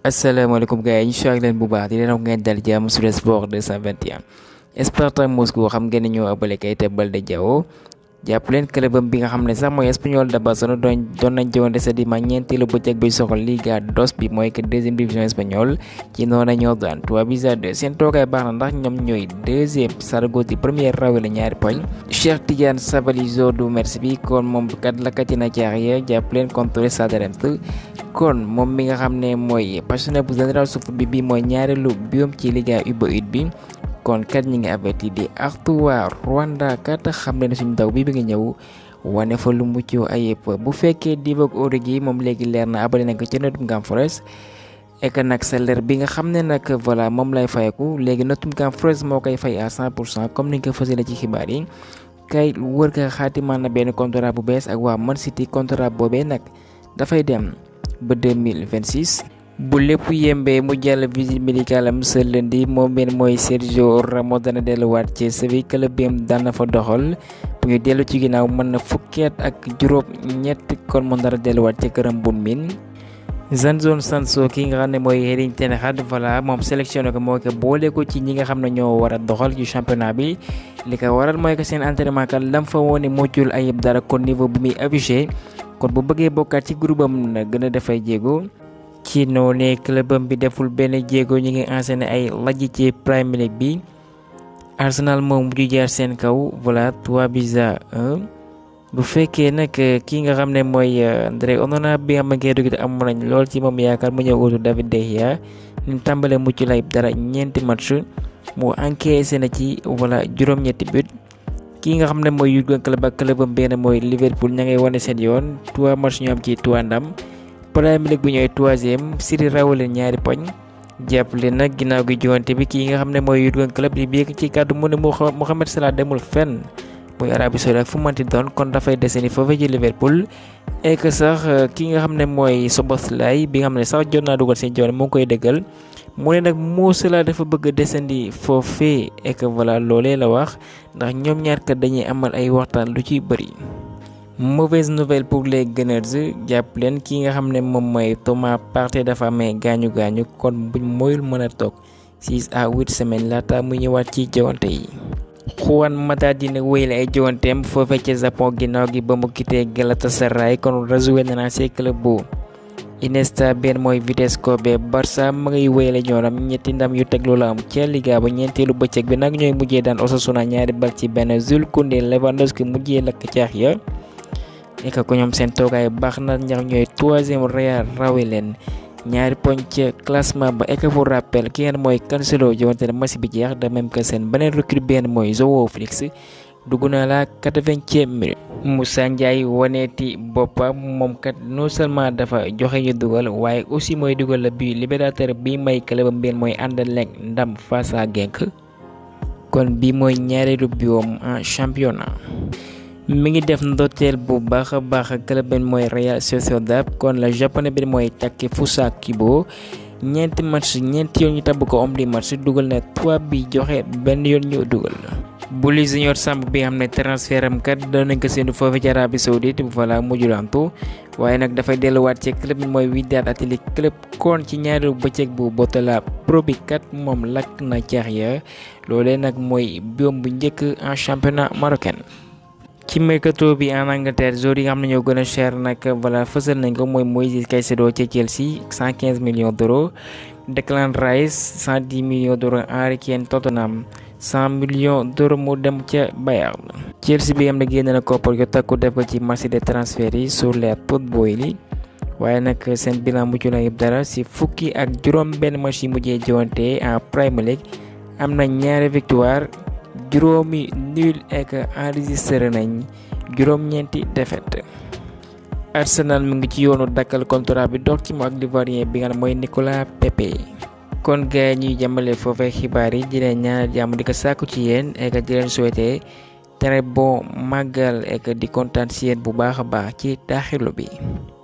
Assalamualaikum guys, Insya Allah leen bu baax di leen wax ngeen dal jàmm sur le sport 221 Spartak Moscou xam ngeen ne ñoo abale Keita jàpp leen club am bi nga xam ne sax mooy Espanyol de Barcelone doon doon nañ sa bëccëg bi soxal Liga dos bi mooy que deuxième division espagnole ci noonu ñoo daan 3 buts à 2 seen toogaay baax na ndax ñoom ñooy deuxième sargo ci première rawe la ñaari poñ Sabali merci bi kon moom kat lakkati na ci arrière jàpp leen contre kon moom mi nga xam ne mooy passionné bu général su foot bi bi mooy ñaareelu biom ci Liga bi kon kat ñi ngi averti di artuwaa Rwanda kat xam na suñu daw bi bi nga ñëw wane fa lu mucc ayib bu fekkee Divock Origi moom léegi leer na abale nañ ko ca Nottingham Forest ek nag salaire bi nga xam ne nag voilà moom lay fayeku léegi Nottingham Forest moo koy fay à cent pour cent comme ni nga ko fësalee ci xibaar yi kay wër ka xaatimaan na benn contrat bu bees ak waa Man City contrat boobee nag dafay dem ba vingt 2026 bu lépp yembee mu jàll visite médicale am ce lundi moom benn mooy Sergio Ramos dana delluwaat ci Séville club bi am daan na fa doxal bu ñu dellu ci ginnaaw mën na fukkeet ak juróom ñett kon mu dara delluwaat ci këram bu min Jadon Sancho ki nga xam ne mooy Erik ten Hag moom sélectionné ko moo ko boole ko ci ñi nga xam ne ñoo war a doxal ci championnat bi li ko waral mooy que seen entraînement kat lam fa woone moccul ayib dara kon niveau bu muy affiché kon bu bëggee bokkaat ci groupe am na gën a dafay jéego ci noonee clubam bi deful benn jéego ñu ngi enchaîné ay lajj ci prime League bi Arsenal moom mujj jaar seen kaw voilà 3 eh. buts à 1 bu fekkee nag ki nga ne eh, André Onana bi nga xam ne dugg amoon nañ lool ci moom yaakaar mu ñëw uutu David De Gea ñu tàmbalee mucc lay dara ñeenti match mu encaissé na ci voilà juróom-ñetti but ki nga xam ne mooy Jurgen ak clubam benn mooy Liverpool ña ngay wane seen yoon 3 match ñu ci 3 ndam. Premier League bi ñooy troisième City raw leen ñaari poñ jàppale nag ginnaaw gi jogante bi kii nga xam ne mooy Jurgen Klopp di biik ci kàddu mu ne Mohamed Salah demul fenn muy Arabie Saoudite ak fu manti doon kon dafay deseni foofu ci Liverpool. et que sax euh, ki nga xam ne mooy Szoboszlai bi nga xam ne sax jot naa dugal seen jamono mu ngi koy dëggal mu ne nag Mo Salah dafa bëgg a desandi foofee et que voilà loolee la wax ndax ñoom ñaar kat dañuy amal ay waxtaan lu ci bëri. mauvaise nouvelle pour les Gunners jàpp leen ki nga xam ne moom mooy Thomas Partey dafa amee gaañu gaañu kon buñ moyul mën a toog 6 à 8 semaine laata mu ñëwaat ci jawante yi. Juan Mata dina wéyale ay jawanteem foofee ca Japon ginnaaw gi ba mu quitté Galatasaray kon résumé na naa see club bu. Inesta benn mooy Vitesse Kobe Barça ma ngi wéyale ñoram ñetti ndam yu teglu la am ca Liga ba ñeenteelu bëccëg bi nag ñooy mujjee daan Osasuna ñaari bal ci ben Jules mujjee lakk caax ya et que ñoom seen toogaay baax na ndax ñooy troisième Real rawe leen ñaari poñ ca classement ba et que rappel ki ngeen mooy Cancelo jowante na bi jeex de même que seen beneen recrue benn mooy Joao Félix dugg na la quatre-vingtième minute. Moussa Ndiaye waneeti boppam moom kat non seulement dafa joxe ñu dugal waaye aussi mooy dugal la bi bi may clubam benn mooy Anderlecht ndam face à Genk bi mooy ñaareelu biwoom en championnat. mi ngi def ndorteel bu baax a baax club bi mooy Real Sociedad kon la japonais bi mooy Takefusa Kibo ñeenti match ñeenti yoon ñu tabb ko homme du match dugal na 3 bi joxe benn yoon ñu dugal. li Junior Samb bi xam ne transfert am kat doon nañ ko séntu foofu ci Arabie Saoudite voilà mujjulantu waaye nag dafay delluwaat ci club bi mooy Wydad Athletic Club kon ci ñaareelu bëccëg bu Botola Pro bi kat moom lakk na caax ya loolee nag mooy biom bu njëkk en championnat marocain. ki mercato bi en Angleterre joueurs yi nga xam ne ñoo gën a cher nag voilà fësal nañ ko mooy Moïse Caicedo ca Chelsea cent quinze millions d'euros Declan Rice cent dix millions d'euros Harry Kane Tottenham cent millions d'euros mu dem ca Bayern. Chelsea bi nga xam ne génne na koppar yu takku def ko ci marché de transferts yi sur les football yi waaye nag seen bilan mucc na yëpp dara si fukki ak juróom benn machine yi mujjee jiwante en Premier League am na ñaari victoire. juróomi nul ak enregistré nañ juróom-ñeenti défaite. Arsenal mu ngi ci yoonu dakkal contrat bi dox ci mu ak Ivoirien bi nga xam mooy Nicolas Pepe. kon gars ñuy jàmbale foofee xibaar yi di leen jàmm di ko sàkku ci yéen ak di leen souhaité màggal ak di kontaan si yéen bu baax a baax ci daaxilu bi.